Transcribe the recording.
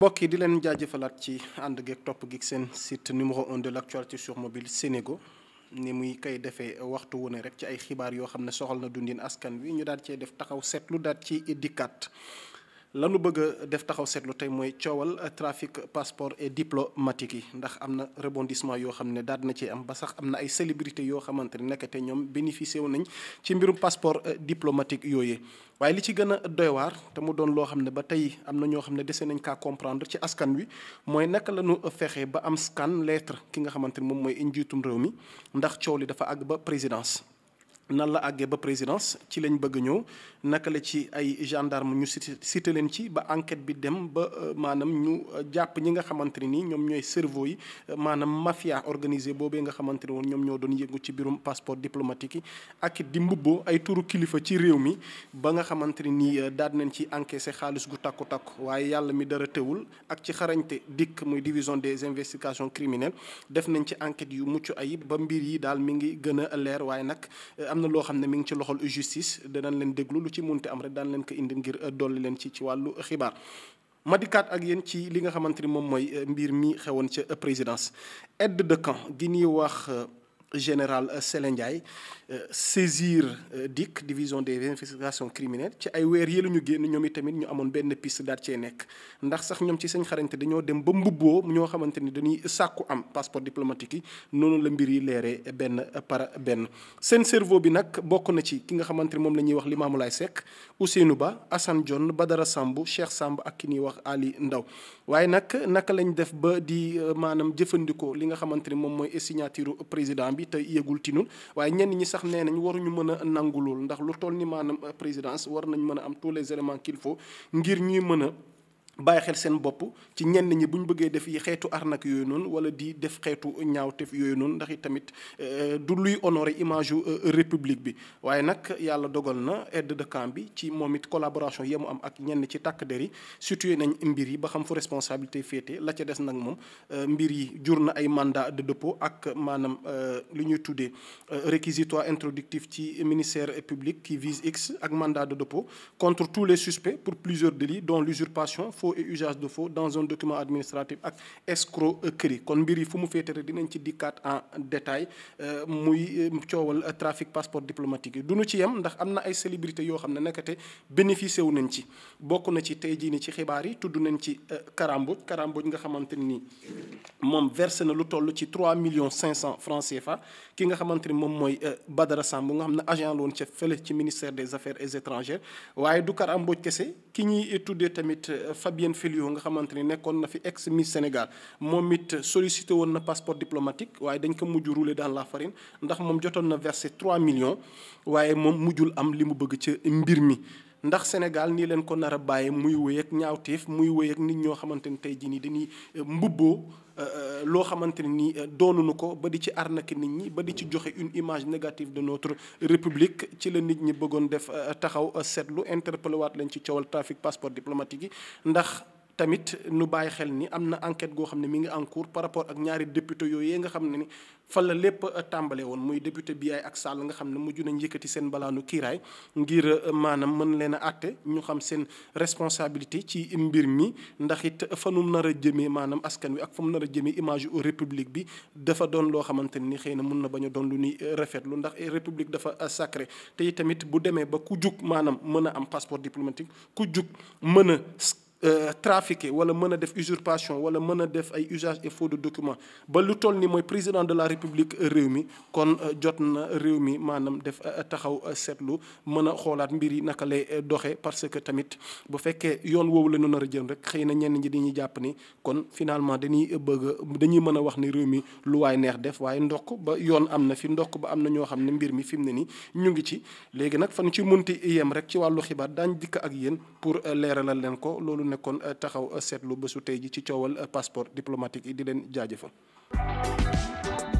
mbokk yi di leen jaajëfalaat ci ànd geeg topp gi seen site numéro un de l'actualité sur mobile Sénégo ni muy koy defee waxtu wu ne rek ci ay xibaar yoo xam ne soxal na dundin askan wi ñu daal cee def taxaw seetlu daat ci dikkaat lanu bëgg a def taxaw seetlu tey mooy coowal euh, trafic passeport et diplomatique yi ndax am na rebondissement yoo xam ne daal na ci am ba sax am na ay célébrité yoo xamante ne nekk ñoom bénéficié wu nañ ci mbirum passeport euh, diplomatique yooyu. waaye li ci gën a doy te mu doon loo xam ne ba tey am na ñoo xam ne dese nañ kaa comprendre ci askan wi mooy naka la ñu fexe ba am scan lettre ki nga xamante ne moom mooy injiitum réew mi ndax coow li dafa àgg ba présidence. nan la àggee ba présidence ci lañ bëgg ñëw naka la ci ay gendarme ñu cité leen ci ba enquête bi dem ba euh, maanaam ñu euh, jàpp ñi nga xamante ne nii ñoom ñooy cerveau yi euh, maanaam mafia organisée boobee nga xamante ne woon ñoom ñoo doon yëngu ci biirum passeport diplomatique yi ak di mbubboo ay turu kilifa ci réew mi ba nga xamante ne nii daal nañ ci encaissé xaalis gu takku takku waaye yàlla mi dara teewul ak ci xarañte dikk muy division des investigations criminelles def nañ ci enquête yu mucc ayib ba mbir yi daal mi ngi gën a leer waaye nag am na loo xam ne mi ngi ci loxol justice danañ leen déglu lu ci munti am rek daan leen ko indi ngir euh, dolli leen ci ci wàllu xibaar. madikaat ak yéen ci li nga xamante ni moom mooy euh, mbir mi xewoon ca présidence aide de camp gi ñuy wax. Euh, général euh, Sélé Ndiaye euh, saisir euh, DIC division des investigations criminelles ci ay weer yële ñu génn ñoom itamit ñu amoon benn piste daal cee nekk ndax sax ñoom ci seen xarañte dañoo dem ba mbubboo ñoo xamante ni dañuy sàkku am passeport diplomatique yi noonu la mbir yi leeree benn par benn. seen cerveau bi nag bokk na ci ki nga xamante ni moom la ñuy wax Limamou Laye Seck Ousseynou Ba Assane Dione Badara Samb Cheikh Samb ak ki ñuy wax Ali Ndaw waaye nag naka lañu def ba di maanaam jëfandikoo li nga xamante ni moom mooy signature président bi te yëgul tinul waaye ñenn ñi sax nee nañ waruñu mën a nangu ndax lu toll nii maanaam présidence war nañ mën a am tous les éléments qu'il ngir ñuy mën a bàyyi xel seen bopp ci ñenn ñi bu ñu bëggee def yi xeetu arnak yooyu noonu wala di def xeetu ñaawtef yooyu noonu ndax i tamit euh, du luy honorer image yu euh, république bi waaye nag yàlla dogal na aide de camp bi ci moom it collaboration yi mu am ak ñenn ci tàkk der yi situé nañ mbir yi ba xam fu responsabilité féete la ca des nag moom euh, mbir yi jur na ay mandat de dépôt ak maanaam li ñuy tuddee réquisitoire introductif ci ministère public qui vise x ak mandat de dépôt faux et usage de faux dans un document administratif ak escroquerie kon mbir yi fu mu féete rek dinañ ci dikkaat en détail euh, muy euh, coowal trafic passeport diplomatique yi duñu ci yem ndax am na ay célébrité yoo xam ne nekkate bénéficié wu nañ ci bokk na ci tey jii ni ci xibaar yi tudd nañ ci euh, karamboj karamboj nga xamante ni moom versé na lu toll ci 3 millions 500 francs CFA ki nga xamante ni moom mooy Badara bu nga xam ne agent loon woon ca fële ci ministère des affaires étrangères waaye Fabien Fillion nga xamante ni nekkoon na fi ex mis Sénégal moom it sollicité woon na passeport diplomatique waaye dañ ko mujj rouler dans la farin ndax moom jotoon na versé 3 millions waaye moom mujjul am li mu bëgg ca mbir mi. ndax Sénégal nii leen ko nar a bàyyi muy wéy ak ñaawteef muy wéy ak nit ñoo xamante ni tey jii nii dañuy euh, mbubboo euh, euh, loo xamante ni doonunu ko ba di ci arnaque nit ñi ba di ci joxe une image négative de notre république ci la nit ñi bëggoon def taxaw seetlu interpellé waat leen ci coowal trafic passeport diplomatique yi ndax. tamit nu bàyyi xel ni am na enquête goo xam ne mi ngi en par rapport ak ñaari député yooyu nga xam ne ni fan la lépp tàmbale woon muy député Biaye ak Sall nga xam ne mujj nañ yëkkati seen balaanu kiiraay ngir euh, maanaam mën leen a àtte ñu xam seen responsabilité ci mbir mi ndax it fa nu nar a jëmee maanaam askan wi ak fa mu nar a jëmee image yu république bi dafa doon loo xamante ni xëy na mun na bañ doon lu ni euh, rafetlu ndax euh, république dafa sacré te tamit bu demee ba ku jug maanaam mën a am passeport diplomatique ku jug mën a Euh, trafiquer wala mën a def usurpation wala mën a def ay usage et faux de document ba lu toll ni mooy président de la république réew mi kon euh, jot na réew mi maanaam def euh, taxaw seetlu mën a xoolaat mbir yi naka lay doxe parce que tamit bu fekkee yoon woowu la ñu a jëm rek xëy na ñenn ñi dañuy jàpp ni kon finalement dañuy bëgg dañuy mën a wax ni réew mi lu waaye neex def waaye ndokk ba yoon am na fi ndokk ba am na ñoo xam ne mbir mi fi mu ne nii ñu ngi ci léegi nag fan ci munti yem rek ci wàllu xibaar daañ dikk ak yéen pour leeralal leen ko nekkoon euh, taxaw euh, seetlu bésu tey ji ci coowal euh, passeport diplomatique yi di leen fa